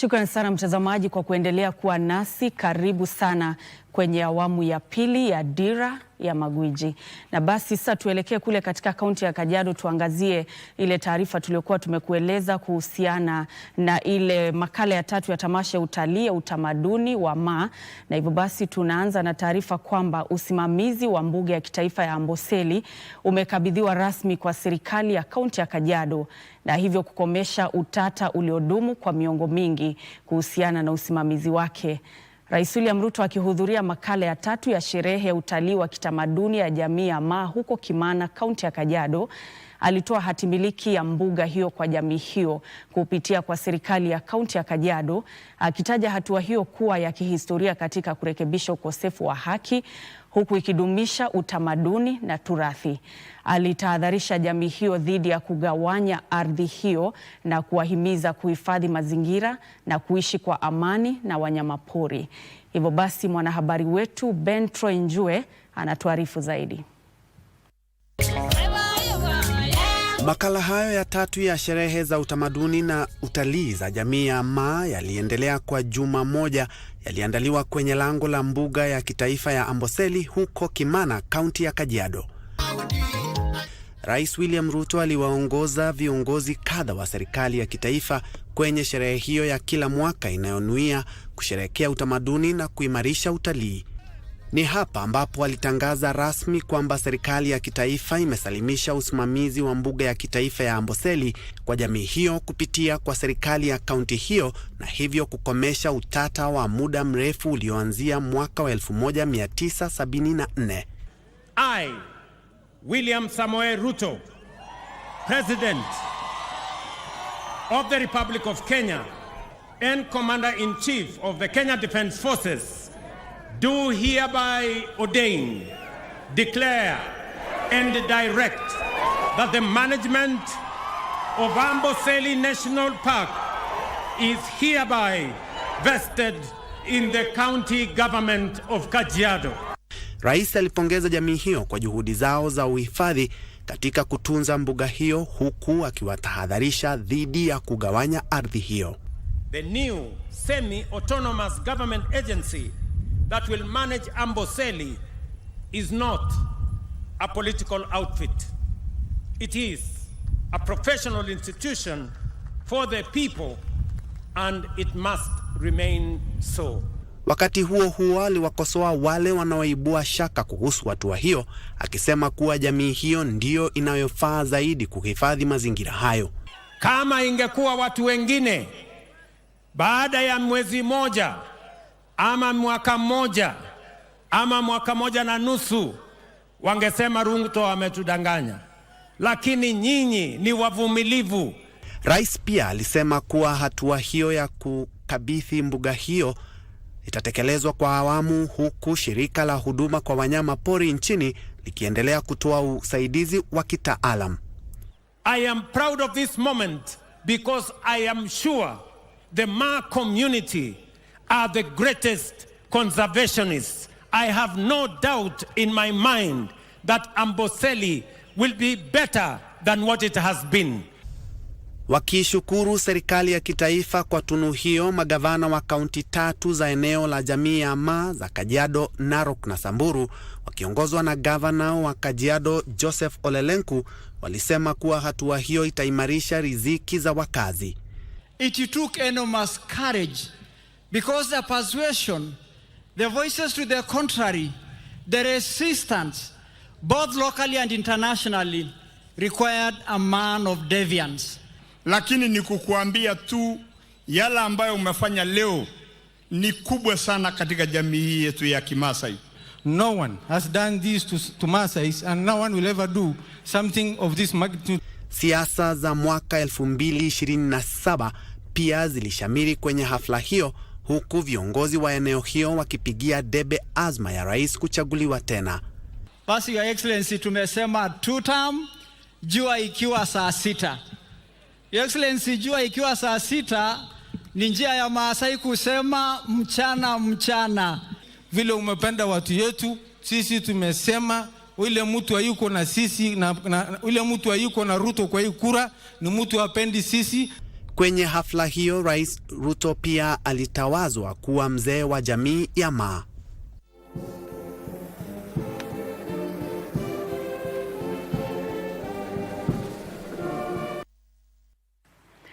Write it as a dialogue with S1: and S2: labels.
S1: Shukrani sana mtazamaji kwa kuendelea kuwa nasi. Karibu sana kwenye awamu ya pili ya dira ya magwiji. Na basi sasa tuelekee kule katika kaunti ya Kajiado tuangazie ile taarifa tuliyokuwa tumekueleza kuhusiana na ile makala ya tatu ya tamasha ya utalii ya utamaduni wa Maa, na hivyo basi tunaanza na taarifa kwamba usimamizi wa mbuga ya kitaifa ya Amboseli umekabidhiwa rasmi kwa serikali ya kaunti ya Kajiado na hivyo kukomesha utata uliodumu kwa miongo mingi kuhusiana na usimamizi wake. Rais William Ruto akihudhuria makala ya tatu ya sherehe ya utalii wa kitamaduni ya jamii ya Maa huko Kimana, kaunti ya Kajiado, alitoa hatimiliki ya mbuga hiyo kwa jamii hiyo kupitia kwa serikali ya kaunti ya Kajiado, akitaja hatua hiyo kuwa ya kihistoria katika kurekebisha ukosefu wa haki huku ikidumisha utamaduni na turathi. Alitahadharisha jamii hiyo dhidi ya kugawanya ardhi hiyo na kuwahimiza kuhifadhi mazingira na kuishi kwa amani na wanyamapori. Hivyo basi, mwanahabari wetu Ben Troy Njue anatuarifu zaidi.
S2: Makala hayo ya tatu ya sherehe za utamaduni na utalii za jamii ya Maa yaliendelea kwa juma moja, yaliandaliwa kwenye lango la mbuga ya kitaifa ya Amboseli huko Kimana, kaunti ya Kajiado. Rais William Ruto aliwaongoza viongozi kadha wa serikali ya kitaifa kwenye sherehe hiyo ya kila mwaka inayonuia kusherehekea utamaduni na kuimarisha utalii. Ni hapa ambapo alitangaza rasmi kwamba serikali ya kitaifa imesalimisha usimamizi wa mbuga ya kitaifa ya Amboseli kwa jamii hiyo kupitia kwa serikali ya kaunti hiyo na hivyo kukomesha utata wa muda mrefu ulioanzia mwaka wa 1974.
S3: I, William Samoei Ruto, President of the Republic of Kenya and Commander in Chief of the Kenya Defence Forces do hereby ordain, declare, and direct that the management of Amboseli National Park is hereby vested in the county government of Kajiado.
S2: Rais alipongeza jamii hiyo kwa juhudi zao za uhifadhi katika kutunza mbuga hiyo huku akiwatahadharisha dhidi ya kugawanya ardhi hiyo.
S3: The new semi-autonomous government agency that will manage Amboseli is not a political outfit. It is a professional institution for the people and it must remain so.
S2: Wakati huo huo aliwakosoa wale wanaoibua shaka kuhusu hatua hiyo, akisema kuwa jamii hiyo ndiyo inayofaa zaidi kuhifadhi mazingira hayo.
S4: Kama ingekuwa watu wengine, baada ya mwezi mmoja ama mwaka mmoja ama mwaka moja na nusu, wangesema Ruto ametudanganya, lakini nyinyi ni wavumilivu.
S2: Rais pia alisema kuwa hatua hiyo ya kukabidhi mbuga hiyo itatekelezwa kwa awamu, huku shirika la huduma kwa wanyama pori nchini likiendelea kutoa usaidizi wa kitaalam.
S3: I am proud of this moment because I am sure the Ma community are the greatest conservationists. I have no doubt in my mind that Amboseli will be better than what it has been.
S2: Wakishukuru serikali ya kitaifa kwa tunu hiyo, magavana wa kaunti tatu za eneo la jamii ya Maa za Kajiado, Narok na Samburu wakiongozwa na gavana wa Kajiado Joseph Olelenku walisema kuwa hatua hiyo itaimarisha riziki za wakazi.
S5: It took enormous courage because the persuasion, the voices to the contrary, the resistance, both locally and internationally, required a man of deviance.
S6: Lakini ni kukuambia tu yala ambayo umefanya leo ni kubwa sana katika jamii hii yetu ya Kimasai.
S7: No one has done this to, to Masais and no one will ever do something of this magnitude.
S2: Siasa za mwaka 2027 pia zilishamiri kwenye hafla hiyo huku viongozi wa eneo hiyo wakipigia debe azma ya rais kuchaguliwa tena.
S8: Basi Your Excellency, tumesema tutam jua ikiwa saa sita. Your Excellency, jua ikiwa saa sita ni njia ya Maasai kusema mchana mchana.
S9: Vile umependa watu yetu, sisi tumesema ule mtu hayuko na sisi na, na, ule mtu hayuko na Ruto kwa hii kura ni mtu apendi sisi
S2: Kwenye hafla hiyo, Rais Ruto pia alitawazwa kuwa mzee wa jamii ya Maa.